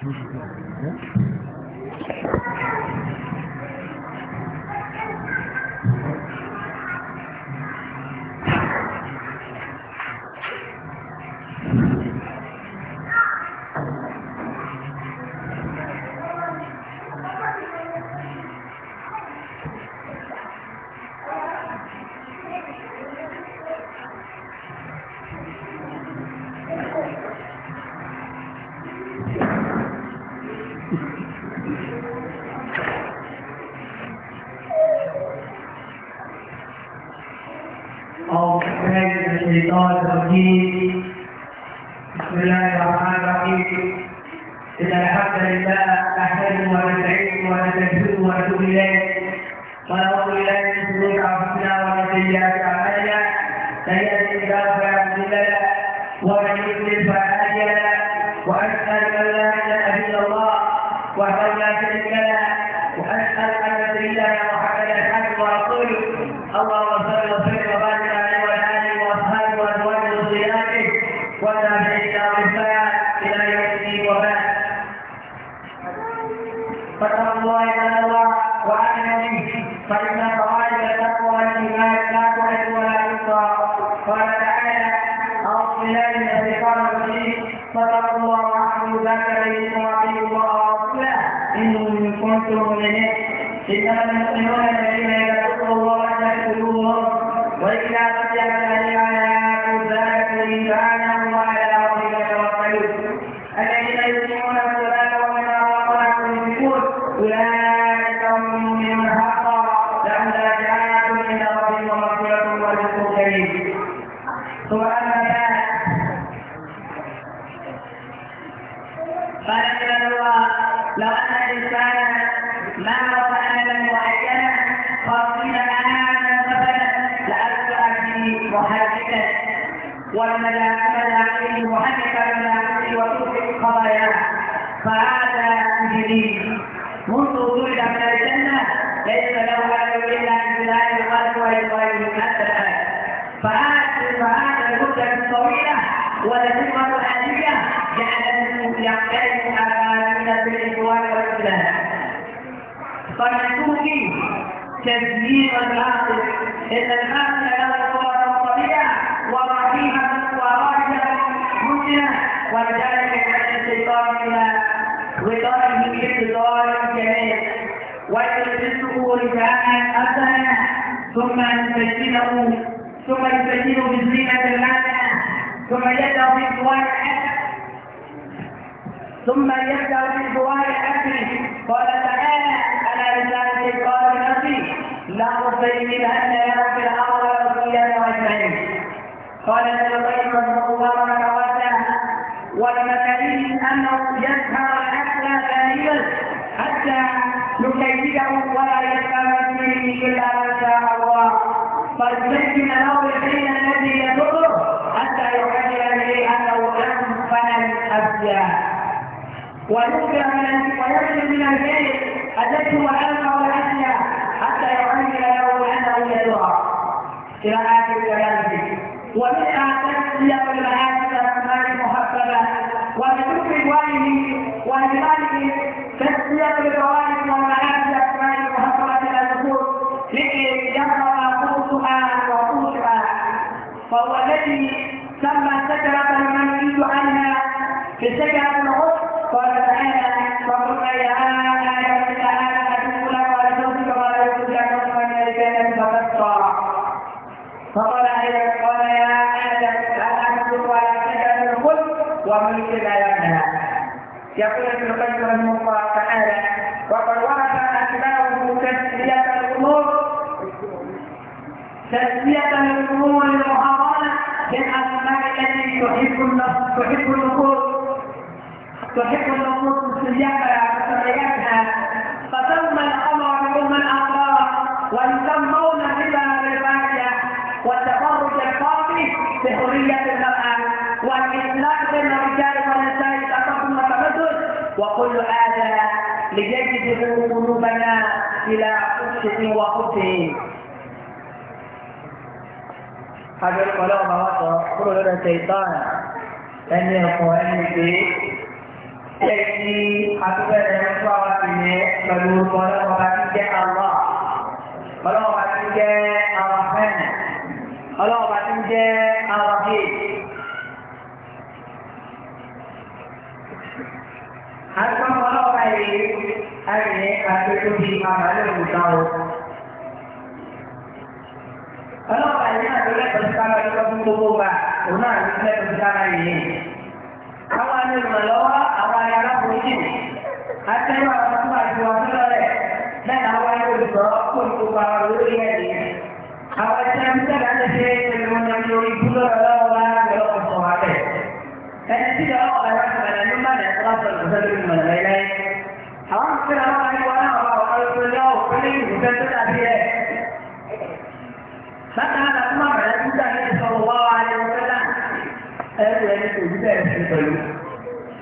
Thank you. التابع إلى وفاء إلى وباء فاتقوا الله عباد الله وآمنوا به فإن فوائد التقوى والإيمان لا تعد ولا تحصى قال تعالى أعوذ بالله من الشيطان الرجيم الله وأعملوا ذاك بينكم وأطيعوا الله ورسوله إن كنتم مؤمنين إنما المؤمنون الذين إذا ذكروا الله وجلت قلوبهم وإذا تتلت عليهم آياته زادتهم إيمانا láyé. الحامدين منذ وجود من الجنة ليس له أهل إلا أن انزلاء القلب وإقراره حتى الآن فهذه فهذه المدة الطويلة والذمة الآتية جعلته على أمامنا بالإخوان والإسلام فنكون تسليم العاقل إن العاقل له قوة طبيعة ورحيمة وراجعة مسلمة ولذلك كان الشيطان إلى وطالب العلم طالب جميل ويدرسه رفعاء حسنا ثم يسجله ثم يسجله بالزينة الحسنة ثم يبدأ في الزواج ثم يبدأ في الزواج الحسن قال تعالى على رسالة القارئ نفسي لا أصيب أن يا رب الأرض والقيامة والسعيد قال ابن القيم رحمه الله تعالى والمكارم أنه إلا ما شاء الله فاستكمل له الحين الذي يدره حتى يحلل به أنه أنفن الأبدان ويبدأ من ويبدأ من الجيل أدته وألقى والأشياء حتى يحلل له أنه يدره إلى آخر كلامه ومنها تسلية المعاصي الأسماء المحببة وبذكر والده وبماله تسلية الفوائد Sesungguhnya sesungguhnya sesungguhnya sesungguhnya تحب النصوص سياقها فتم الامر بهم الاخبار ويسمون الربا بالربايه وتفرج القاضي بحريه المراه والاطلاق بين الرجال والنساء تقدم وتمدد وكل هذا ليجذب قلوبنا الى حبه وحبه حاجة القلوب هذا كل الشيطان أن يقول به Jadi hati dan suara ini lalu kalau mengatakan dia Allah, kalau mengatakan dia Allahan, kalau mengatakan dia Allahin. Harus kalau kali hari ini hati itu di mana itu tahu. Kalau kalian boleh bersama dengan tubuh, benar boleh bersama ini àwọn àni olùrànlọ́wọ́ àwọn àni aláboyún àtẹ́wọ́ àwọn tó máa ju wọn lọ́rẹ̀ bẹ́ẹ̀ ni àwọn olùgbọ́ kò ní gbogbo àwọn olórí ẹ̀dí. àwọn tí wọn tẹ̀ láti ṣe pẹ̀lú wọn ní orí búlọ̀ lọ́wọ́ bá lọ́wọ́ ọ̀sán wa bẹ̀. ẹni tí ìyá ọkọ̀ ẹ̀rọ ìgbàlẹ̀ ló má dẹ̀ tó sọ̀rọ̀ sọ́dọ̀ ìgbàlẹ̀ láyé. àwọn tí wọn wá ní wọn náà wà ọ̀rọ̀ ìgbàlẹ̀ ọ̀ perlu.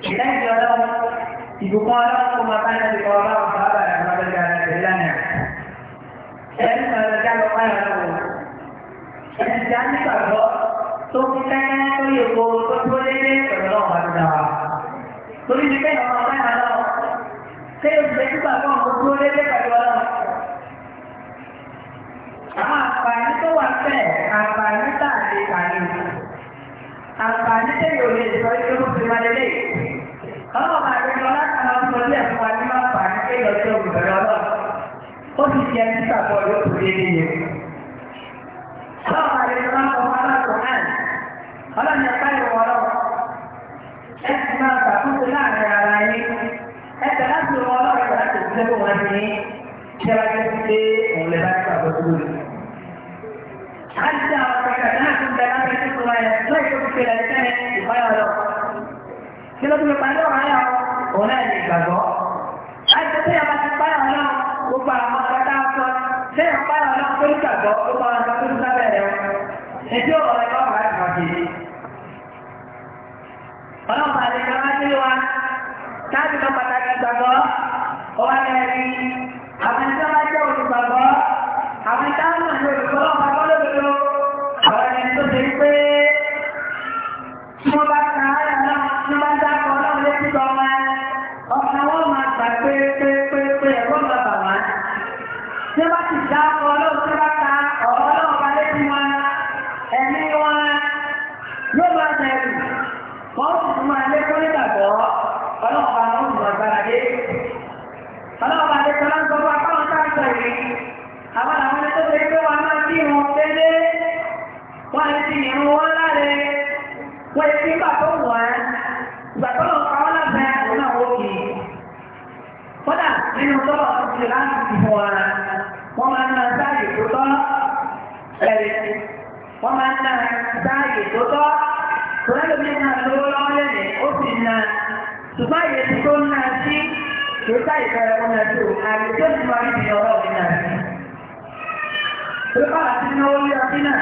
Kita yang jualan, ibu kota rumahnya di kota apa yang mengajarkan jalannya. Saya mengajarkan apa yang aku. Saya jangan kalau तो पिता का तो ये वो तो बोले थे तो लो हरदा तो ये बेटे हम अपने हालो से उस बेटे का को हम बोले थे परिवार हाँ पानी तो वास्ते हाँ पानी तो आदि पानी àǹfààní tẹ̀lé òye ìsọ yìí ló fi wá lélẹ̀ ọlọ́wọ́ máa rí lọ láti máa sọ ilé ẹ̀fọ́ wa ní máa fà á ní pé lọ́jọ́ olùbẹ̀rẹ̀ ọlọ́run ó sì fi ẹni sàbọ̀ yóò fi lé nìyẹn. ọlọ́wọ́ máa rí lọ láti máa sọ hàn ọlọ́run ní apá ìwọ ọlọ́run ẹ ti máa ṣàkóso láàrin ara yín ẹ tẹ̀ láti wọ ọlọ́run láti ìpèrè ẹ̀sẹ̀ ìbáyọ̀ lọ. Kí ló fi parí ọ̀rọ̀ ayọ̀? Òun náà ní ìgbàgbọ́. Láti tí ìyàwó ti páyọ̀ lọ, gbogbo àwọn ọ̀gá sọ, ṣé páyọ̀ lọ tó ní gbàgbọ́ gbogbo àwọn ọ̀gá tó ní sábẹ̀ rẹ̀ wọn. Èdè ọ̀rọ̀ ẹ̀kọ́ ọ̀gá ìgbàgbé. Ọlọ́pàá àti ìjọba ti wá, táàbì lọ pàtàkì ìgbàgbọ́, ọwọ́ wọ́n ti irun wọn láre wọ́n ti bàtọ́ wọ́n bàtọ́ lọ pa wọ́n lábẹ́ àwọn náà wọ́n kì í. kódà nínú tọ́lọ̀ ti láti ti fún wa wọ́n máa ń na sáàyè tó tọ́ ẹ̀rẹ̀ wọ́n máa ń na sáàyè tó tọ́ tòlẹ́lómi náà lówó lọ́wọ́ lẹ́nìí ó sì àti náwó yọ sí náà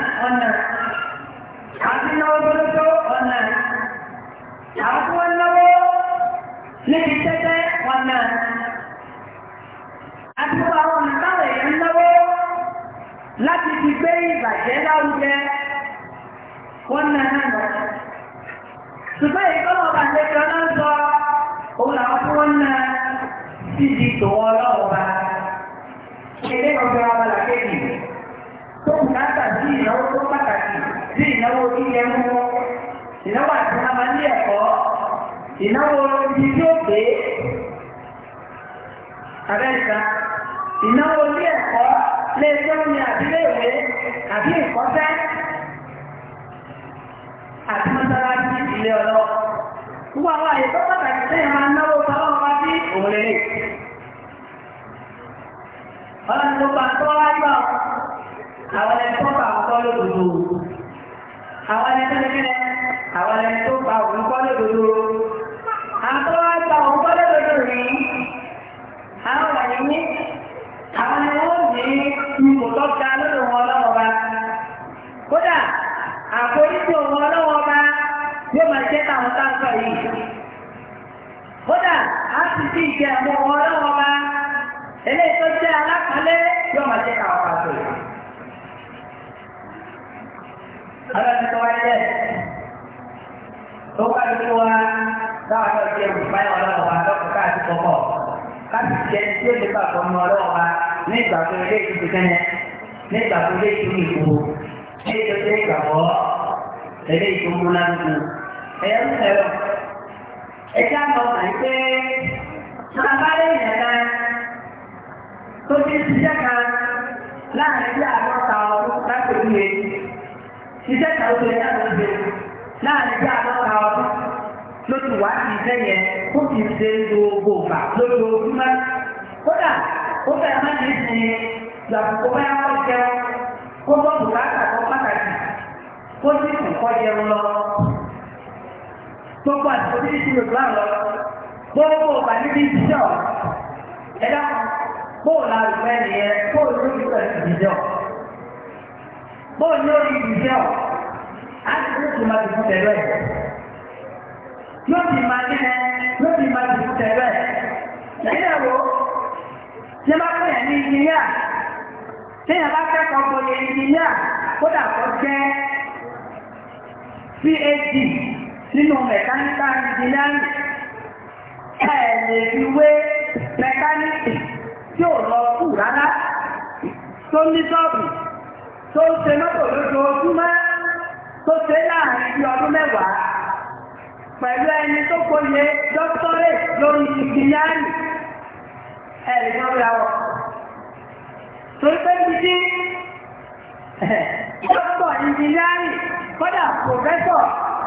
ìnáwó ibi tí pé abẹ́ta ìnáwó ilé ẹ̀kọ́ léṣẹ́ omi àbílẹ̀ ìwé àbí ìkọ́sẹ́ àti mọ́sálásí ilé ọlọ́ gbogbo àwọn àyè tó pàtàkì sẹ́yìn máa náwó sáwọn ọba sí òun lè ọlọ́run tó bá àwọn ẹ̀kọ́ àwọn táǹkà yìí kódà á sì sí ìjẹ àwọn ọmọ ọlọ́wọ́ bá eléyìí tó jẹ́ alákọ̀ọ́lé yóò máa jẹ́ káwọn pàtó yìí. ọlọ́run tó wáyé lẹ́yìn tó bá dúró wá báwa náà jẹ́ olùbáyà ọlọ́wọ́ bá lọ́kùn káàdì kọ̀kọ́ káàdì jẹ́ tí ó lè bá àbọ̀ ọmọ ọlọ́wọ́ bá ní ìgbà tó ilé ìtútù kẹ́yẹ ní ìgbà tó ilé ìtútù ìgbò ní ìtútù ìgbàgbọ́ ilé ìtútù lánàá ẹ̀yẹ ń sẹ́wọ̀n. Ẹja lọ sàn pé abálé yẹn náà tó ti ṣiṣẹ́ kan láàrin bí àádọ́ta ọdún láti orí Ṣiṣẹ́ kan ó lè dáná ṣe láàrin bí àádọ́ta ọdún ló wá sí iṣẹ́ yẹn kó kì ṣe gbogbo ìgbà lójoojúmọ́. Kódà ó fẹ́ má ní sin làbùkù bá yà wọ́n jẹun kó bọ́ bùkátà kan pàtàkì kó sì kù kọ́ jẹun lọ gbogbo àtìkò tí ìṣirò tó àlọ gbogbo ọgbà níbi ìṣíjọ ẹ̀dá bóòlù àrùbẹ nìyẹn bóòlù ló ti pẹ̀lú ìṣíjọ bóòlù lórí ìṣíjọ àti tó ti máa dìbò tẹ̀lé yóò ti máa ní ẹ ti máa dìbò tẹ̀lé lẹ́yìn ẹ̀rọ tí a bá pẹ̀lú ní ìjìyà tí a bá kẹ́kọ̀ọ́ pọ̀lẹ̀ ìjìyà kó jẹ́ nínú mẹkáníkà ìdínáàmì ẹ̀ẹ̀lẹ̀ ìwé mẹkáníkì tí ò lọ kù rárá tó ní sọ́ọ̀bù tó ń ṣe mọ́tò lójoojúmọ́ tó ṣe láàrin bí ọdún mẹ́wàá pẹ̀lú ẹni tó kóye dọ́kítọ́rẹ̀ lórí ìdínáàmì ẹ̀rì tó rí àwọ̀ torí pé ibi tí kọ́dà pòfẹ́sọ̀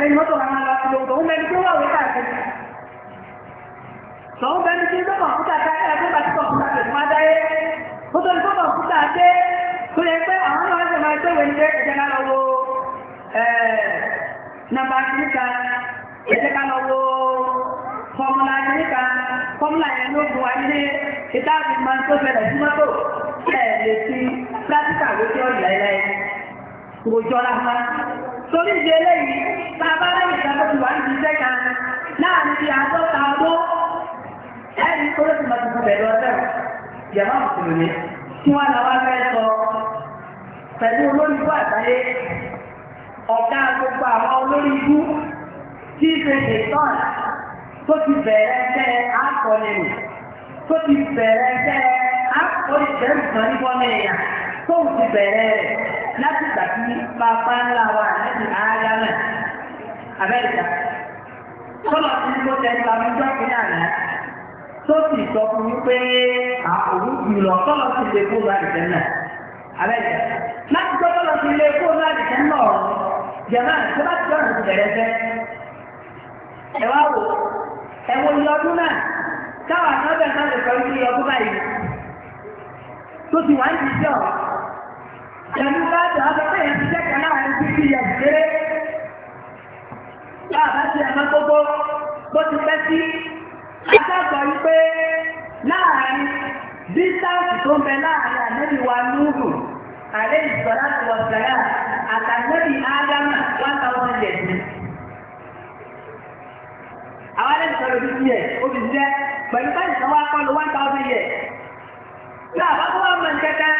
lẹ́yìn mọ́tò máa máa lọ sí gbogbo òun bẹni tí ó wà wí tí ó kọ̀ǹpútà dá ẹ̀ tó bá ti kọ̀ǹpútà tó máa dá Ó tó ní kó kọ̀ǹpútà tó yẹ pé àwọn náà ṣe máa gbé wẹ̀lẹ́ ẹ̀jẹ̀ ká lọ wo nàmbà kìíkà ẹ̀jẹ̀ ká lọ wo fọ́mùlà kìíkà fọ́mùlà yẹn ló bu wa nílé máa ń tó fẹ́rẹ̀ sí mọ́tò ẹ̀ lè fi pírátíkà wọ́n torí ìdí eléyìí tá a bá lẹ́yìn ìdájọ́ ti wà ní ìṣiṣẹ́ kan láàrin bíi àádọ́ta ọdún ẹni tó lè ti máa tuntun pẹ̀lú ọ̀sẹ̀ yàrá òṣèlú tí wọ́n làwọn fẹ́ sọ pẹ̀lú olórí ikú àgbáyé ọ̀gá gbogbo àwọn olórí ikú tí ṣe ṣètọ́n tó ti bẹ̀rẹ̀ ẹgbẹ́ akọ̀lẹ̀ tó ti bẹ̀rẹ̀ ẹgbẹ́ akọ̀lẹ̀ tẹ̀sán tóun ti bẹ̀rẹ̀ rẹ̀ láti gbà tí pápá ńlá wa àti ààyà náà Amẹ́ríkà tọ́lọ̀ tí mo tẹ ní abijọ́ fi àná tó sì sọ fún mi pé àwòrán jùlọ tọ́lọ̀ ti lè kó lọ àdìsẹ́ náà Amẹ́ríkà láti gbọ́ tọ́lọ̀ ti lè kó lọ àdìsẹ́ náà jẹ̀mọ́ àti láti gbọ́ àdìsẹ́ bẹ̀rẹ̀ fẹ́ ẹ wá wò ẹ wo ọdún náà táwọn àtọ́bẹ̀ náà lè sọ wípé ọdún báyìí tó ti wá ní ìjọ Ìyàmú bá jà á bẹ́ẹ̀ yẹn ti jẹ́kẹ̀ láàrin sí kí ìyàwó kéré. Láàbá ti àmọ́ gbogbo bó ti pẹ́ sí. Adágbà wípé láàrin dísáǹsì tó ń bẹ láàrin ànẹ́bí wa núrù, àlẹ́ ìsọ̀lá ti wọ̀ sẹ́yà, àtànẹ́bí Ádámà one thousand years. Àwọn àlẹ́ ìsọ̀lá ti jẹ́ pẹ̀lú báyìí sọ́wọ́ akọ́lu one thousand Láàbá tó wà mọ̀ ní kẹ́kẹ́.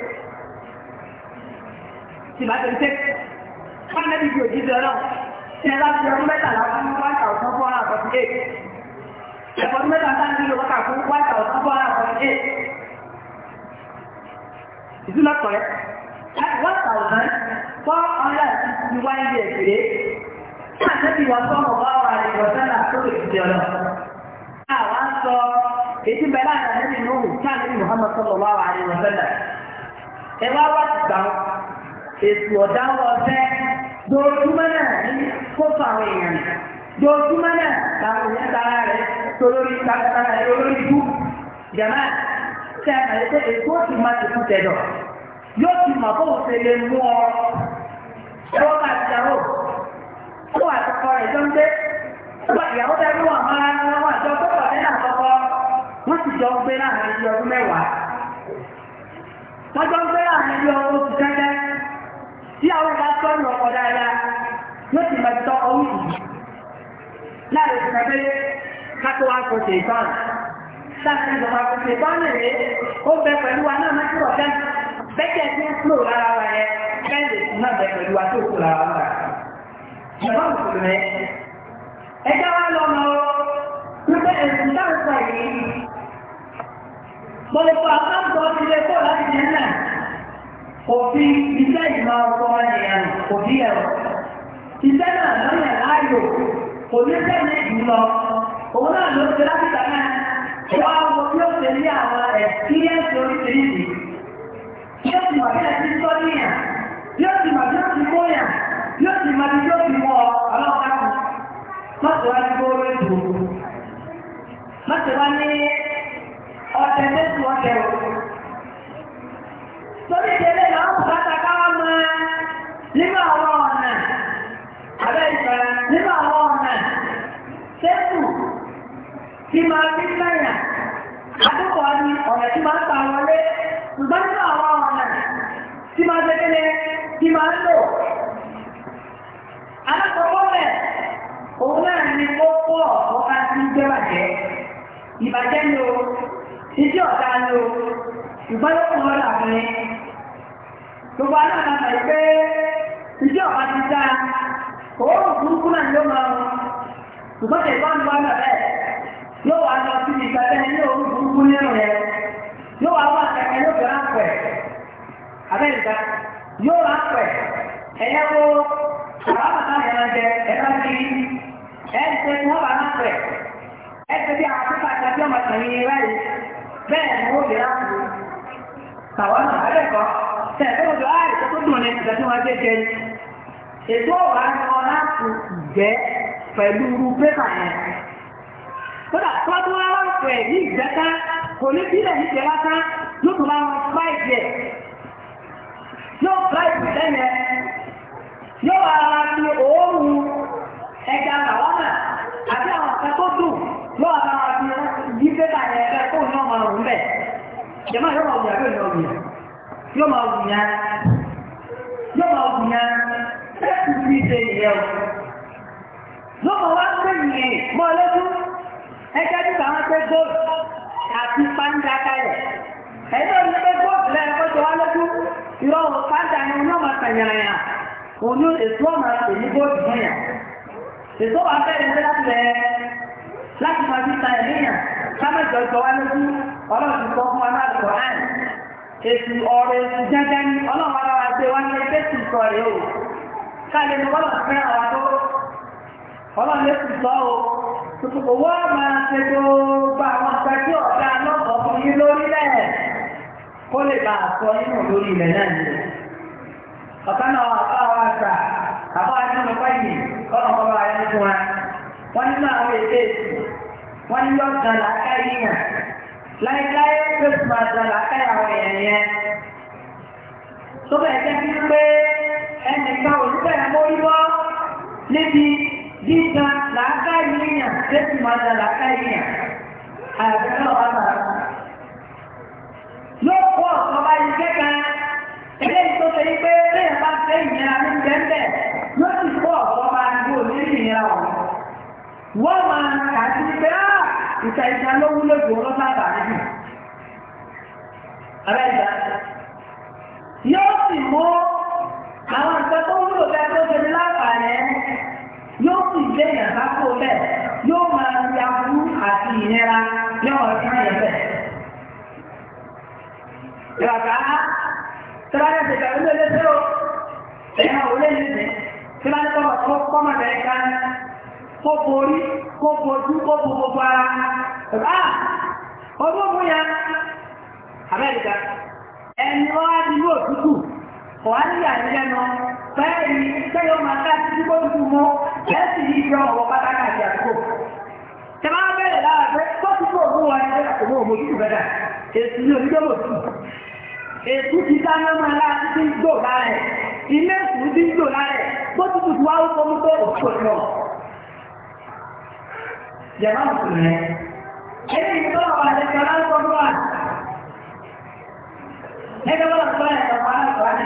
ti bá tẹ̀lé tẹ́kì. Wọ́n náà bíbi òjijì ọlọ́run. Ṣé bá fi ọdún mẹ́tàlá fún one thousand four hundred forty eight? Ẹ̀fọ́ ọdún mẹ́tàlá sáà ń bí lọ́wọ́ kà fún one thousand four hundred forty eight. Ìdúná kọ̀rẹ́. One thousand four hundred sixty one years today. Ṣé àtẹ́bí wọn sọ̀rọ̀ wá wà ní ìwọ̀sánà tó lè ti sọ èyí bẹ̀rẹ̀ àtàlẹ́bí Nuhu, Ṣáàlì Muhammad sọ̀rọ̀ wá wà Ẹ wá wá ti gbà ètò ọ̀dáwọ̀ ọ̀fẹ́ dojúmọ́ náà ní kópa àwọn èèyàn na náà làwọn èèyàn tara rẹ̀ tolórí tara rẹ̀ olórí ikú jẹ̀má tẹ́ àmàlẹ́ pé èkó ti máa ti kú tẹ̀dọ̀ yóò ti mọ̀ bó ṣe lè mú ọ ẹwọ́ bá ti dàrú ó wà tọkọ rẹ̀ jọ ń gbé ọgbà ìyàwó bẹ́ẹ̀ ló wà máa ń àjọ tó nínú àkọ́kọ́ wọ́n sì jọ ń gbé láàrin ọdún mẹ́wàá wọ́n jọ ń gbé láàrin ọdún oṣù tí àwọn bá tọ́ ní ọkọ̀ dáadáa yóò ti máa tọ́ ọwọ́ ìlú láàrin ìgbà pé kákó wa kò ṣe ìbọn sáàtì ìjọba kò ṣe ìbọn rèé ó bẹ pẹ̀lú wa náà mẹ́tò ọ̀fẹ́ bẹ́tẹ̀ tí ń kúrò lára wa yẹ bẹ́ẹ̀ lè fún náà bẹ pẹ̀lú wa tó kúrò lára wa ìjọba kò kúrò rẹ ẹjọ́ wa lọ mọ wípé ẹ̀sùn táwọn sọ yìí mo lè fọ òfin iṣẹ́ ìmọ̀ ọkọ ènìyàn kò ní ẹ̀rọ. Iṣẹ́ náà lọ́yẹ̀ láàyò kò ní sẹ́ni jùlọ. Òun náà ló ṣe lápìtà náà. Wọ́n á wo bí ó ṣe ní àwọn ẹ̀sìkíyẹ́sì oríṣiríṣi. Yóò ti mọ̀ bí ẹ ti sọ níyàn. Yóò ti mọ̀ bí ó ti kóyàn. Yóò ti mọ̀ bí ó ti mọ̀ ọlọ́pàá Mọ̀tò wá ní gbóró ètò. Mọ̀tò wá ní ọ̀tẹ̀ mẹ́sùn ọ̀tẹ̀ o. Sọ́dọ̀ ìdẹ́lẹ́ nínú àwọn ọ̀nà abẹ́ ìfẹ́ nínú àwọn ọ̀nà sẹ́kù tí máa fi sẹ́yìn àdúgbò ni ọ̀nà tí máa ń pa wọlé ṣùgbọ́n nínú àwọn ọ̀nà tí máa gbẹ́gbẹ́lẹ́ tí máa ń lò. alákọ̀ọ́kọ́ òun náà ni ó pọ̀ ọ̀ká tí ń jẹ́ bàjẹ́ ìbàjẹ́ ni o ìdí ọ̀tá ni o ìgbọ́dọ̀ kún lọ́dà fún mi. gbogbo aláàbàbà yìí ìdí ọ̀pá ti dá òórùn burúkú náà ló máa ń ṣùgbọ́n tẹ̀ bá ń bá náà yóò wá lọ sí ìgbà bẹ́ẹ̀ ní òórùn burúkú nínú yẹn yóò wá wá kẹ̀kẹ́ yóò fẹ́ ráńpẹ̀ abẹ́ẹ̀dá yóò ráńpẹ̀ ẹ̀yẹ́ wo àbámọ̀tá yẹn lọ jẹ ẹ̀ka sí ẹ̀ẹ́dẹ́gbẹ́ ni wọ́n bá ráńpẹ̀ ẹ̀ẹ́dẹ́ bí àwọn akẹ́kọ̀ọ́ àti ọmọ ìtàn báyìí bẹ́ẹ̀ ni wọ́n ètò ọ̀rá ni wọn láti jẹ́ pẹ̀lú irú pépà yẹn. kódà tọ́jú wa wọ́n fẹ̀ ní ìjẹ́ká kò ní bílẹ̀ ní ìjẹ́ lásán yóò tún máa wọn fáìlì ẹ̀. yóò fáìlì lẹ́yìn ẹ̀ yóò wá ara fi òórùn ẹja bàwọ́nà àti àwọn ọ̀sẹ̀ tó dùn yóò wá ara fi yí pépà yẹn fẹ́ kó ní ọmọ ọ̀rùn bẹ̀. jẹ́mọ́ yóò máa wùyà yóò máa wùyà yóò máa wùyà yóò máa wùyà ti ṣe ìyẹn o. lọ́mọ wá pé ìyẹn mọ́ lójú ẹjẹ́ nípa wọn pé góòlù àti pàǹdà kalẹ̀. ẹ̀yìn òní pé góòlù lẹ́yìn kó jọ wá lójú ìrọ̀ pàǹdà ni wọn máa tẹ̀yàrẹ̀yà òun ní èso ọ̀nà èyí góòlù fún yà. èso wà bẹ́ẹ̀ ní láti rẹ̀ láti máa fi ta ẹ̀míyàn kámẹ́jọ jọ wá lójú ọlọ́run sọ fún wa láti rọ̀ àìn. èsì ọ̀rọ̀ èsì jẹ́jẹ́ ni ọlọ́run káàlẹ̀ ni wọ́n fẹ́ àwọn tó ọlọ́run lè sì sọ o tòkòkò wọ́n máa ṣe gbogbo àwọn ọ̀sẹ̀ tí ọ̀gá lọ́kọ̀ọ́ fún yín lórílẹ̀ kó lè bá a inú lórí náà ni ọ̀kan náà àbá wa gbà àbá wa nínú pẹ́yì kọ́nà kọ́nà ayé ní fún wa wọ́n nínú àwọn èdè wọ́n ní lọ́sàn-án làákà yíyàn láéláé pé kùmà sàn làákà ẹnìkan ò níbẹ̀ mórí bọ́ níbi dídá làákà ìyẹn lẹ́sìn máa da làákà ìyẹn àyàfẹ́ náà wà lára. yóò kó tó ṣe pé bẹ́ẹ̀ bá fẹ́ ìnira ní bẹ́ẹ̀ yóò sì kó ọ̀kan bá yìí kó ìnira wọn. wọ́n máa kà sí pé á ìta ìta ló wúlò jù ọ́ lọ́sàá yóò sì mú àwọn nǹkan tó wúlò bẹ́ẹ̀ tó ṣe ní láǹfààní yóò sì gbé yàn sáko bẹ́ẹ̀ yóò máa ya fún àti ìnira lẹ́wọ̀n ìtàn yẹn bẹ́ẹ̀. Ìwàkà tíráyà ti gbàgbé lé lẹ́sẹ̀ o, ẹ̀yà ò lé lé lé, tíráyà tó kọ́mọ̀ bẹ̀rẹ̀ kan, kó borí, kó bojú, kó bo gbogbo ara. Ìwà ọdún òun yẹn, Amẹ́ríkà, ẹni wọ́n á di ní òtútù wàhálì àìlẹ́nu báyìí sẹ́yọ́ máa ká títí kó tuntun mọ́ lẹ́sìn yìí yọ ọ̀wọ́ pátákà àkókò. Ṣé máa bẹ̀rẹ̀ lára tó ti kó òun wọ ẹgbẹ́ àkókò òun ojú bẹ̀rẹ̀? Èsì ni oníjọ́ mò tù. ti dáná máa lára títí ń gbò lára Ilé ìsù ti ń gbò lára Bó ti tutù wá wúkọ́ mú pé òkú òun Yàrá òkú rẹ̀. Ẹni ìtọ́ àwọn àlejò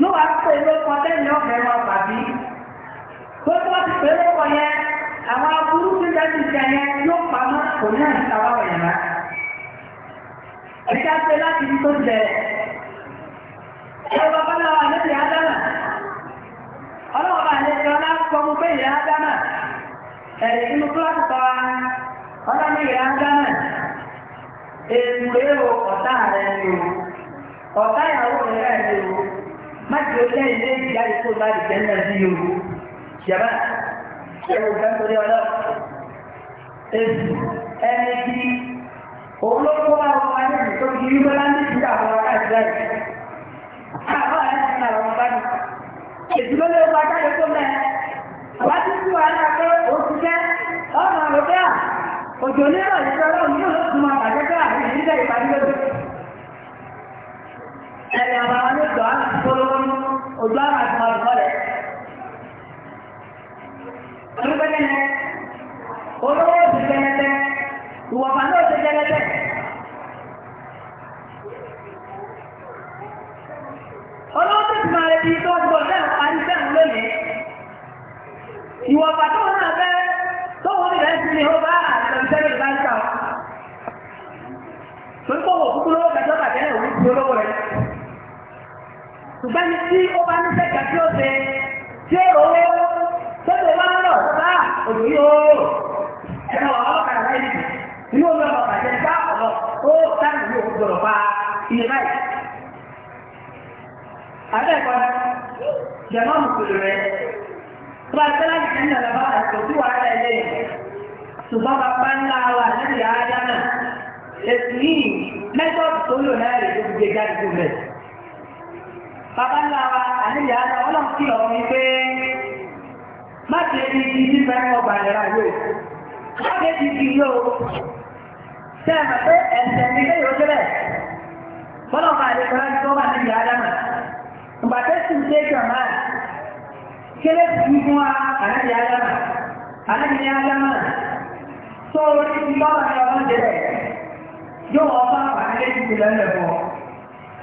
ló wàá pè lóko lẹ́yìn ọ̀fẹ́ wọn bàbí. gbogbo wọn ti pè lóko yẹn àwọn aburú tó dẹ́bi jẹ yẹn yóò pamọ́ kò ní àìsàwọ̀ wọ̀nyẹn rà. ẹ̀ka pé láti tó jẹ ẹ̀rọ babaláwa lóde ádámà ọlọ́wọ́ bá lè sọ náà kọ́ mu pé ìyá ádámà ẹ̀rẹ̀ inú kíláàsì kọ́ wa ọlọ́mọ ìyá ádámà èèmù èrò ọ̀tá rẹ̀ ni o ọ̀tá ìyàwó rẹ̀ ni o májì ó lẹ́yìn lé ìyá ìkó bá lè jẹ́ náà sí yorù ṣẹ̀bá ẹ̀rù gbẹ́sọ̀rẹ́ ọlọ́ èsì ẹni tí òun ló kó tó fi rí bọ́lá ní ìdílé àwọn akáàtì láì àwọn àti ní àwọn bá ní èsì ló lé wọn akáàtì tó mẹ́ àwọn tí tí wàá náà pé ó ti ọmọ àròkẹ́ à òjò nílò ìjọba òun yóò tún máa bàjẹ́ pé ìdílé ìpàdé lọ́dún ẹ̀yà àwọn ọmọ tó ojú àwọn àtìmọ̀tìmọ̀ rẹ̀. Olúpẹ́lẹ́ ni olówó ti tẹ́lẹ́tẹ́, ìwọ̀fà náà ti tẹ́lẹ́tẹ́. Olówó tó ti máa retí tó gbọ́ náà parí sẹ́yìn lónìí. Ìwọ̀fà tó náà fẹ́ tó wọ́n ní rẹ̀ sí ni ó bá àtẹ̀sẹ́rẹ́ ìbáṣà. Torí kò wò kúkú lówó kẹjọ́ bàjẹ́ òun ti olówó rẹ̀ ṣùgbọ́n ní tí ó bá níṣẹ́ kan tí ó ṣe tí ó rówó tó lè wá rọ̀ bá òbí ó ẹ̀rọ ọlọ́kadà láì ní inú ọmọ ọmọ bàjẹ́ bá ọ̀rọ̀ ó sáà ní òun gbọ̀rọ̀ pa iye báyìí. Àbẹ́ẹ̀kọ́ jẹ̀mọ́ mùsùlùmí rẹ̀ tó bá tẹ́lá ní ìlú ọ̀la bá àtọ̀ tí wàá rẹ̀ lé ṣùgbọ́n bàbá ńlá wa lẹ́yìn àájá náà èsì yìí mẹ́tọ́ọ̀tù tó lò náà rè é gbé jáde gbé mẹ́tọ́ bàbá ńlá wa àníyà ara ọlọ́run kí lọ rí pé má ṣe di ibi fẹ́ràn ọgbà ìlera yóò má ṣe di ibi yóò tẹ́ ẹ̀ mọ̀ pé ẹ̀sẹ̀ ní ilé yóò débẹ̀ bọ́lá ọba àlejò rẹ̀ tó wà níbi ádámà ìgbà tó sì ń ṣe jọ̀mọ́ kéré tuntun fún wa àníyà ádámà àníyà ádámà tó orí ti bọ́ọ̀lù ọmọdé rẹ̀ yóò wọ́n bá wà nílé ìdílé lẹ́lẹ̀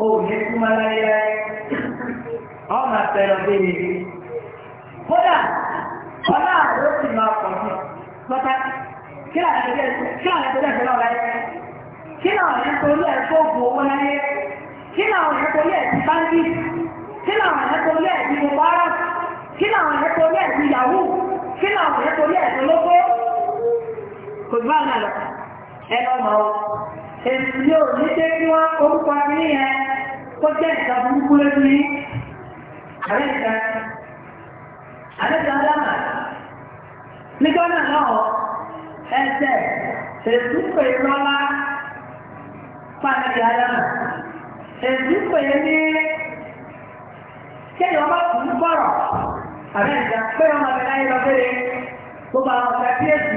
o ò máa láyé láyé wọn máa kódà ọlá àlọ́ sì máa pọ̀ sí pátá kí làwọn ẹgbẹ́ kí láyé kí làwọn ẹgbẹ́ torí láyé kí làwọn ẹgbẹ́ torí ẹ̀ kí làwọn ẹgbẹ́ torí ẹ̀ ti mọ̀ kí làwọn ẹgbẹ́ torí ẹ̀ ti yahoo kí làwọn ẹgbẹ́ torí ẹ̀ ti lógó kò bá ń lọ ẹ lọ́ èsì yóò ní dé kí wọ́n orúkọ ní yẹn kó jẹ́ ìta burúkú lójú yìí àlẹ́ta àlẹ́ta dáná nígbà náà náà ẹsẹ̀ èsì pè lọ́la pàtàkì àdáná èsì pè ní kéèyàn bá kù ń bọ̀rọ̀ àlẹ́ta pé ọmọ mi láyé lọ bẹ́ẹ̀ gbogbo àwọn ọ̀gá tí èsì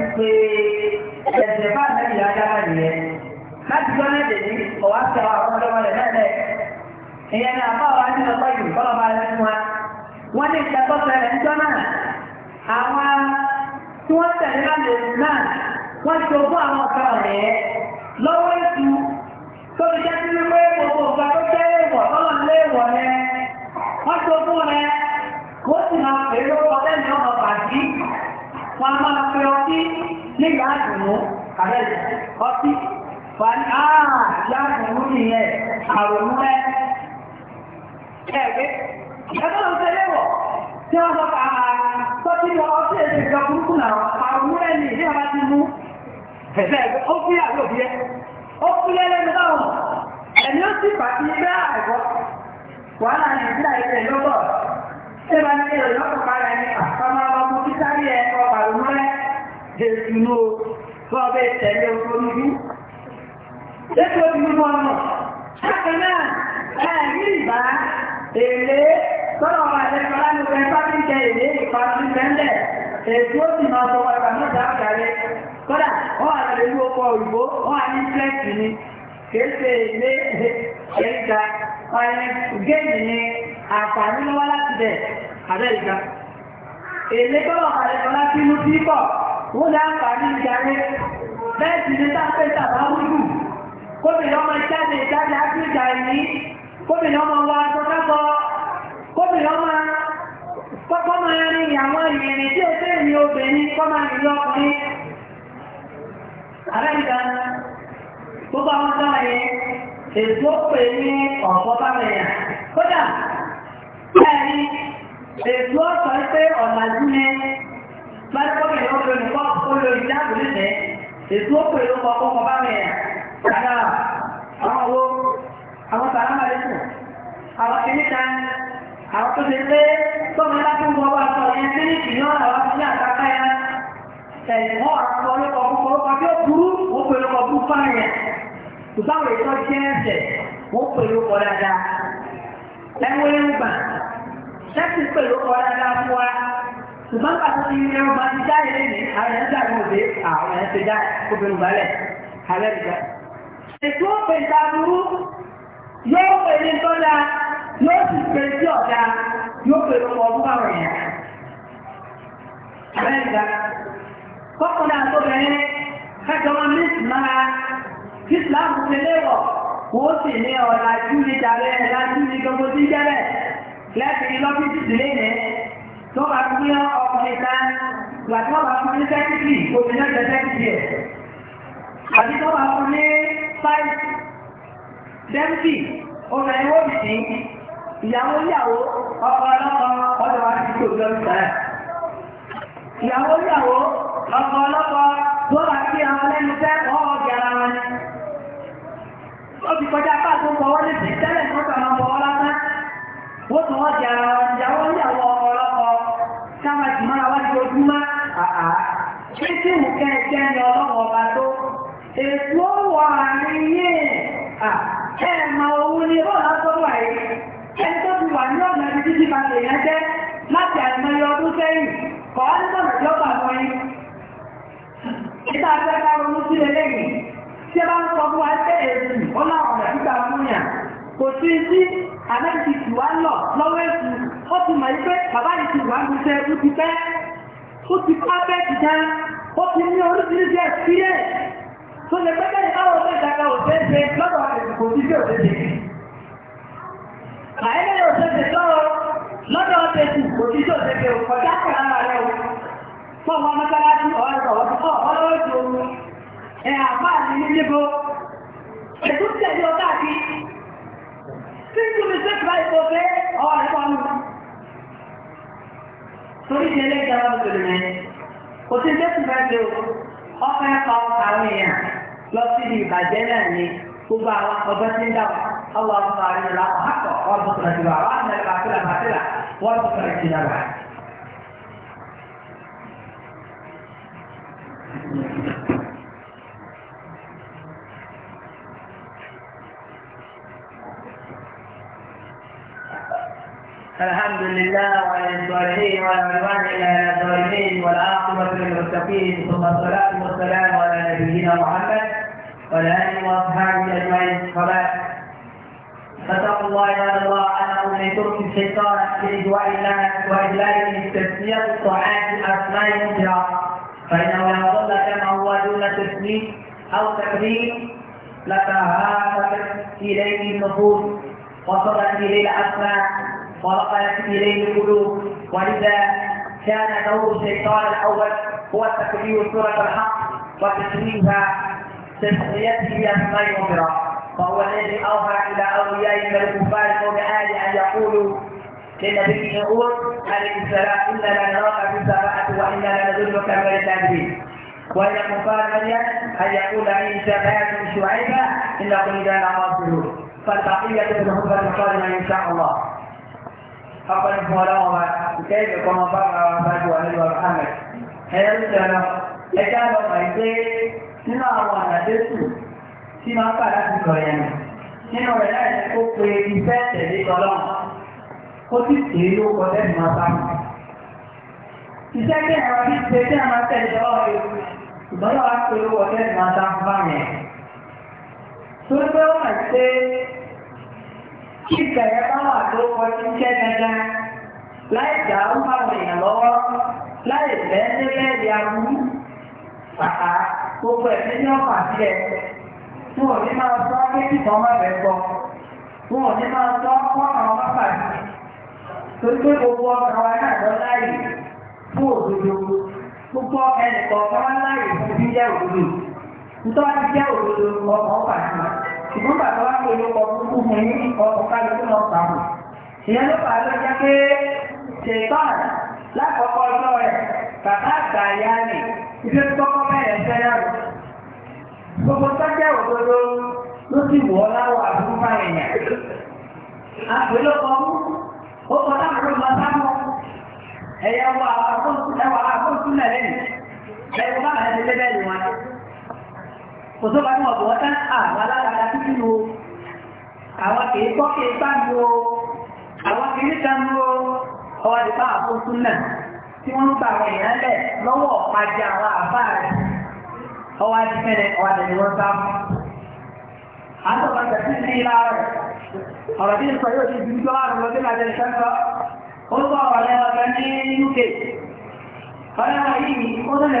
pè ẹ̀sẹ̀ bá àlẹ́ nìyẹn láti gbọ́ náà dèjì ọ̀wá sí àwọn àwọn ọmọdé wọn ìyẹn ní àbá wa ní ọgbà yìí kọ́ lọ́ba rẹ̀ fún wa. wọ́n ní ìṣàkóso rẹ̀ ń jọ́nà àwọn tí wọ́n tẹ̀lé láti òkú náà wọ́n ti ogún àwọn ọ̀kan ọ̀rẹ́ lọ́wọ́ ètù tó fi jẹ́ sí wípé gbogbo ọ̀gá tó jẹ́ èèwọ̀ tọ́lọ̀ lé èèwọ̀ rẹ̀ wọ́n ti ogún rẹ̀ kó sì máa pè é lórúkọ lẹ́nu ọmọ pàtí wọn máa pe ọtí nígbà àdùnnú àbẹ́lẹ̀ ọtí fani aa ah, láàrin òun nìyẹn àròmú ẹ ẹgbẹ ẹgbẹ ló fẹ́ léwọ̀ tí wọ́n sọ fàá ah, tọ́tí lọ ọtí èdè ìjọ burúkú náà àròmú ẹ ní ìdí ọba ti mú ẹgbẹ ẹgbẹ ó fi àbí òbí ẹ ó fi lẹ́lẹ́nu báwọn ẹ̀mí ó sì pàtí bẹ́ àìbọ̀ wàhálà ní ìdílé àìsẹ̀ lọ́bọ̀ ṣé bá ní èrò lọ́kọ̀ para ẹni àpamọ́ lẹ́tọ́ ti mímú ọmọ ṣákan náà ẹ̀rí ìbá èlé tọ́lọ̀ ọmọ àtẹ́kọ̀ọ́ lánàá ẹ̀fá ti ń jẹ èlé ìparí bẹ́ńdẹ̀ èsì ó sì máa fọwọ́ ẹ̀fà mọ́ta àgbàre kódà wọ́n wà lórí ìlú ọkọ̀ òyìnbó wọ́n wà ní flẹ́ẹ̀tì ni ni àǹfààní lọ́wọ́ láti bẹ̀ àbẹ́ríkà èlé tọ́lọ̀ ọmọ àtẹ́kọ̀ọ́ láti inú pípọ̀ wọ́n lé àǹfààní ìjáwé bẹ́ẹ̀ kóbìnrin ọmọ jáde jáde áfíríkà yìí kóbìnrin ọmọ wa sọ́kọ́ kóbìnrin ọmọ kọ́kọ́ máa rìn àwọn ìrìn tí ó fẹ́ ní obìnrin kọ́ máa rìn lọ́kùnrin àrẹ́gbẹ̀ta tó bá wọ́n sọ́wọ́ yẹn èso pè ní ọ̀pọ̀ bámẹ́yà kódà bẹ́ẹ̀ni èso ọ̀sọ̀ pé ọ̀làjú ni máa kọ́bìnrin olórí kọ́ olórí dáàbò pè ní ọ̀pọ̀ bámẹ́yà dada àwọn owó àwọn sàrámà lẹ́kùn àwọn kìnnìkà àwọn tó ṣe pé tọ́mọ lápò ń bọ́ wá sọ yẹn kíníkì náà àwọn ti ní àkàkà yẹn ẹ̀yìn wọn àwọn ọlọ́kọ̀ púpọ̀ ó pàbí òkúrú ó pè lọ́kọ̀ bú fáyẹn ìbáwò ètò jẹ́ ẹ̀sẹ̀ ó pè lọ́kọ̀ dáadáa ẹ̀wọ̀n ẹ̀rùgbà ṣẹ́kì pè lọ́kọ̀ dáadáa fún wa ṣùgbọ́n pàtó ti ní ẹrù bá ti jáde lẹ́yìn àwọn ẹ̀ ń dàgbò dé balẹ̀ alẹ́ ìgbà. Ètò òpè ìdàbúrú yóò pè tọ́lá, yóò sì pè ọ̀dá, yóò pè lọ́pọ̀ ọdún àwọn èèyàn. Àbẹ́ kọ́kànlá tó bẹ̀rẹ̀ kájọ ìsìláàmù ti léwọ̀, wọ́n sì ní ọ̀la júlí dàbẹ́ lájúlí gbogbo ní sẹ́kítì five seventy ọ̀nà ẹ̀wọ́ bìí ìyàwó ìyàwó ọkọ̀ ọlọ́kọ̀ ọdọ̀ wa ti tó lọ sẹ́ẹ̀. ìyàwó ìyàwó ọkọ̀ ọlọ́kọ̀ tó wà sí àwọn lẹ́nu fẹ́ ọwọ́ gẹ̀rẹ́ wọn ni. ó ti kọjá káàtó fọwọ́ ní sí tẹ́lẹ̀ tó kàn án fọwọ́ lásán. wó tún wọ́n gẹ̀rẹ́ wọn ìyàwó ìyàwó ọkọ̀ ọlọ́kọ̀ káwọn jùmọ́ra wá di ojúmọ́ àhà. ṣé ètò wà níyé ẹ̀ ma òun ni ó lásán yìí ẹni tó ti wà ní ọ̀nà ibi títí ma lè yẹn jẹ́ láti àìmọye ọdún sẹ́yìn kọ́ á ní sọ̀rọ̀ tí ó bà wọ́n yìí. Ìta afẹ́ká ronú sí eléyìí tí a bá ń sọ fún wa pé èsì ó láwọn ọ̀nà gbígbà múyà kò sí sí àlẹ́jì tì wá lọ lọ́wọ́ èsì ó ti mọ̀ pé bàbá yìí ti wà ní iṣẹ́ ó ti pẹ́ ó ti pápẹ́ ti ó ti ní oríṣiríṣi ẹ̀sílẹ̀ tó lè pẹ́ tẹ́lẹ̀ káwọn ọ̀sẹ̀ ìdáka ọ̀sẹ̀ ṣe lọ́dọ̀ àdìsìkò tí bí ọ̀sẹ̀ ṣe. Àyẹ́lẹ́ ọ̀sẹ̀ ṣe lọ́rọ̀ lọ́dọ̀ ọ̀sẹ̀ ṣe kò tí bí ọ̀sẹ̀ ṣe kọjá kan lára rẹ̀ o. Fọ́ wọn mọ́sálásí ọ̀rọ̀ ọ̀rọ̀ ọ̀rọ̀ ti omi. Ẹ̀ àpá àti ní níbo. Ètò ti tẹ̀lé ọ̀gá àti. Tíjú mi ṣe fúra ìfọ̀ fẹ́ ọ̀rẹ́ wọn. Torí ti ẹlẹ́gbẹ̀ẹ́ wọn lè ọ̀fẹ́ kọ àwọn èèyàn ya? síbi ìbàjẹ́ náà ni gbogbo àwọn ọgbẹ́ tí ń dà wá ọlọ́ ọ̀sán àárín ìlà ọ̀hákọ̀ wọ́n tó sọ̀rọ̀ jùlọ àwọn àmì ẹ̀ka الحمد لله وعلى الصالحين وعلى عدوان الى الظالمين والعاقبه للمتقين ثم الصلاه والسلام على نبينا محمد وعلى اله واصحابه اجمعين وبعد فاتقوا الله يا الله انا امليتكم الشيطان في اجواء الله واجلاله تسميه الطاعات الاسماء مبدعه فانه لو ظل كما هو دون تسميه او تكريم لتهافت اليه النفوس وصلت اليه الاسماء ورقلت إليه القلوب ولذا كان دور الشيطان الأول هو تكرير سورة الحق وتسليمها تسميته باسماء أخرى فهو الذي أوحى إلى أولياء من الكفار قوم آل أن يقولوا للنبي يقول عليه السلام إنا نراك في السماء وإنا لا نظنك من الكاذبين وإن كفار مريم أن يقول عيسى بن شعيبة إنكم إذا لخاسرون فالبقية في الخطبة القادمة إن شاء الله akọni fún ọlọ́wọ́n wa ìkẹ́ ìgbẹ́ kọ́ máa bá ara wa bájú wa nílùú Muhammad ẹ̀yẹ ń tẹ̀lé ẹjẹ́ àlọ́ mà ń gbé nínú àwọn àdàdésù tí máa ń bà láti sọ yẹn nínú rẹ̀ náà ní kó pe iṣẹ́ tẹ̀lé tọ́lọ́ kó sì tì í ló kọ́ lẹ́nu máa bá wọn. iṣẹ́ tí ẹ̀rọ bí ṣe tí a máa tẹ̀lé tọ́lọ́ yìí ìbọ́lọ́ wa pé ó wọ tí ìkẹyẹ bá wà tó kọ tí ń dandan láì dá ó bá wọn èèyàn lọ́wọ́ láì bẹ́ẹ̀ nílẹ̀ ìdí aburú pàtà gbogbo ẹ̀mí ní ọ̀pá sílẹ̀ wọn ò ní máa sọ pé kíkan má bẹ̀ gbọ́ wọn ò máa sọ fún àwọn ọmọ pàtó torí pé gbogbo ọkàn wa náà lọ láàyè fún òdodo gbogbo ẹnì kọ̀ọ̀kan láàyè fún jíjẹ́ òdodo nítorí jíjẹ́ òdodo ọkàn pàtó ṣùgbọ́n bàbá wa kò ló kọ fún yín ọkọ̀ káyọ̀ tó lọ pa ìyẹn ló fàá ló pé ṣètọ́n lákòókò ọjọ́ rẹ̀ bàbá àgbà ni ibi kọ́kọ́ bẹ̀rẹ̀ fẹ́ yà gbogbo sọ́jà òdodo ló ti wọ̀ ọ́ láwọ̀ àbúrú bá èèyàn. àpèlókọ ó kọ láàbùrú lọ sámọ ẹ̀yà wọ àwọn àkóńtù lẹ́yìn ẹ̀yà wọ kò bá ní ọ̀bọ̀ wọ́n àwọn alágbàdá títí ni àwọn kìí kọ́ kìí bá o àwọn kìí níta ní o ọwọ́ lè bá àkóso náà tí wọ́n ń gba àwọn èèyàn lẹ̀ lọ́wọ́ ọ̀pájà àwọn àbá rẹ̀ ọwọ́ adìmẹ́rẹ̀ ọwọ́ adìmẹ́rẹ̀ wọ́n sá fún. àtọ̀kọ̀ tẹ̀sí ní ilá rẹ̀ ọ̀rọ̀ tí ń sọ yóò di ibi tó wà lọ́dún láti ẹ̀ṣẹ́ sọ orúkọ ọ̀rẹ́ ọ̀rẹ́ ní UK ọ̀rẹ́ yìí ó lè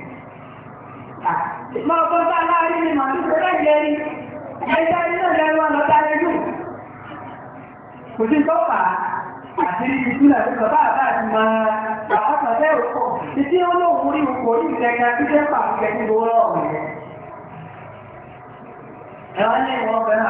ẹja iná lẹ́nu ọ̀nà bá yẹjú kò sí tọ́pà àti ìtúlẹ̀ àtúntò bá àbá àti máa àwọn ọ̀sẹ̀ òkò ìdí olóòwò rí òkò ní ìtẹ̀ka tí jẹ́ pàṣẹ kí ló rọ̀ ọ̀rẹ́ ẹ̀wọ̀n ní ìwọ̀n ọ̀fẹ́ náà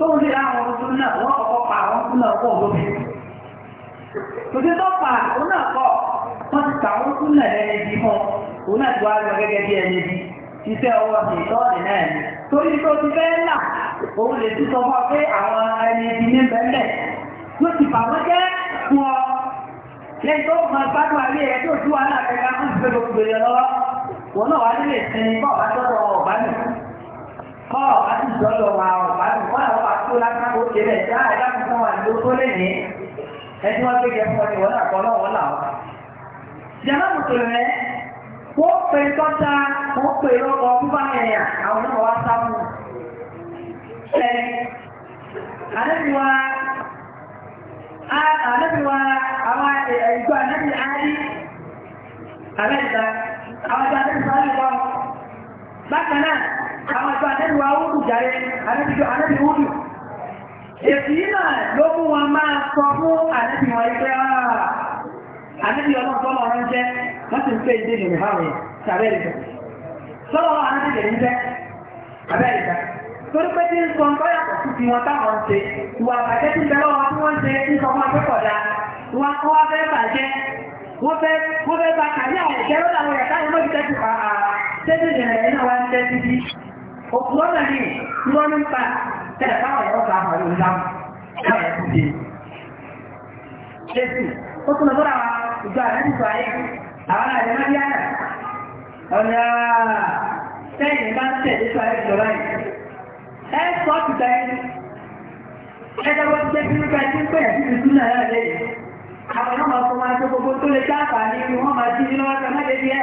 tó ń lé àwọn ọmọ tó náà wọ́n kọ́kọ́ pa àwọn tó náà pọ̀ lómi. Tòṣe tó pa òun náà kọ̀ wọ́n ti pa àwọn tó náà lẹ́ni bí mọ́ òun náà ti wá lọ gẹ́gẹ́ bí ẹni bí iṣẹ́ ọwọ́ ti tọ́ọ̀nì náà ni. Torí tó ti fẹ́ là òun lè ti sọ fún pé àwọn ẹni ibi ní bẹ́ẹ̀ ló ti bà wọ́n jẹ́ fún ọ. Lẹ́yìn tó máa gbádùn ayé rẹ̀ tó tú wàhálà kẹ́kẹ́ fún ìfẹ́ gbogbo ìyẹn lọ́wọ́. Wọ́n kọ́ ọ̀bá ti wa ọ̀bá ti wọ́n àwọn bá tó lákàtà ó ṣe bẹ́ẹ̀ dáa ẹ̀dá mi fún wa ló tó lè ní ẹni wọ́n gbé kẹfọ́ ni wọ́n nàkọ́ náà wọ́n làwọn. jama mùsùlùmí wọ́n pè tọ́ta wọ́n pè lọ́kọ̀ bíbá ẹ̀yà àwọn náà wá sáfù. ẹ àdébí wa àdébí wa àwọn ìgbọ́ àdébí àdí àbẹ́ẹ̀ta àwọn ìgbà àdébí sọ́ọ́ àwọn àgbà anẹ́bí wa wúdù jáde anẹ́bí anẹ́bí wúdù èsì yìí náà ló mú wọn máa sọ fún anẹ́bí wọn yìí pé anẹ́bí ọlọ́run tọ́lọ̀ ọ̀rọ̀ ń jẹ́ wọ́n ti ń pè ìdí nìyẹn hàn yẹn sàbẹ́ ìgbà sọ́lọ́ anẹ́bí lè ń jẹ́ abẹ́ ìgbà torí pé tí ń sọ nǹkan yàtọ̀ sí ti wọn táwọn ń ṣe ìwà àbàjẹ́ tí ń bẹ lọ́wọ́ tí wọ́n ń ṣe ń sọ fún akẹ́kọ̀ọ́ dáa wọn kọ́ wá fẹ́ bàjẹ́ wọ́n fẹ́ wọ́n fẹ́ bá kàrí àwọn ìjẹ́rọ́ làwọn yàtá ìmọ̀ ìtẹ́jú àà tẹ́jú ìrìnà ìrìnà wa ń tẹ́ Hukuman lagi, dua empat. Saya tahu ya, orang hari undang. Saya pergi. Jadi, kau tu nak apa? Jangan itu saya. Awak ada mana dia? Ada. Saya ni kan saya itu saya jualan. Saya kuat jualan. Saya dapat jadi kajian pun ya, itu nak ada. Awak nak apa macam tu, tu lepas apa ni? Awak masih di luar sana jadi ya.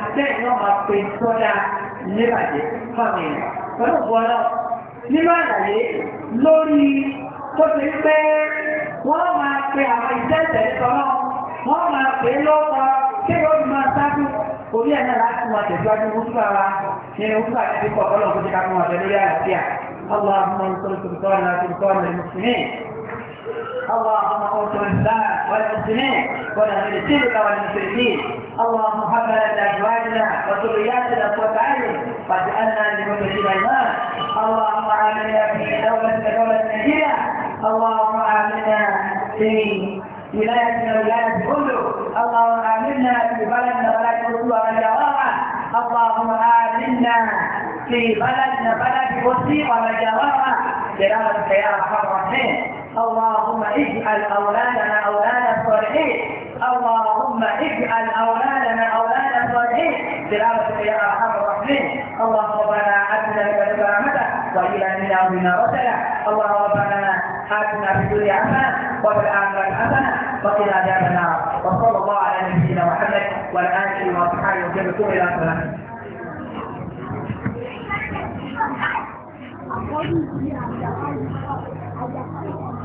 bẹ́ẹ̀ ni wọ́n máa pe sọ́dá níbàjẹ́ fáwọn èèyàn pẹ̀lú bọ́lá nínú àlàyé lórí tó ti pé wọ́n máa pe àwọn iṣẹ́ ìtẹ̀lé tọ́lọ́ wọ́n máa pe lọ́wọ́ kí ló ń máa sáájú orí ẹ̀ náà láti máa tẹ̀síwájú wúsùlà wa nínú wúsùlà ti kọ́ ọlọ́run tó ti ká fún wa lórí àlàáfíà. اللهم انصر سلطاننا سلطان اللهم انصر الاسلام والمسلمين ونسلك والمسلمين اللهم هب لنا ازواجنا وذرياتنا قرة اعين واجعلنا لمتقين ايمان اللهم عاملنا في دوله دولة نجية اللهم عاملنا في ولايتنا ولاية كله اللهم امنا في بلدنا بلد الرسول والجماعة اللهم امنا في بلدنا بلد الرسول والجماعة برحمتك يا ارحم الراحمين اللهم اجعل اولادنا اولادا صالحين اللهم اجعل اولادنا اولادا صالحين برحمتك يا ارحم الراحمين اللهم ربنا اتنا بك رحمتك والى منا رسلا اللهم ربنا اتنا في الدنيا حسنه وفي الاخره حسنه وقنا عذاب النار وصلى الله على نبينا محمد وعلى اله وصحبه وسلم الى Thank you.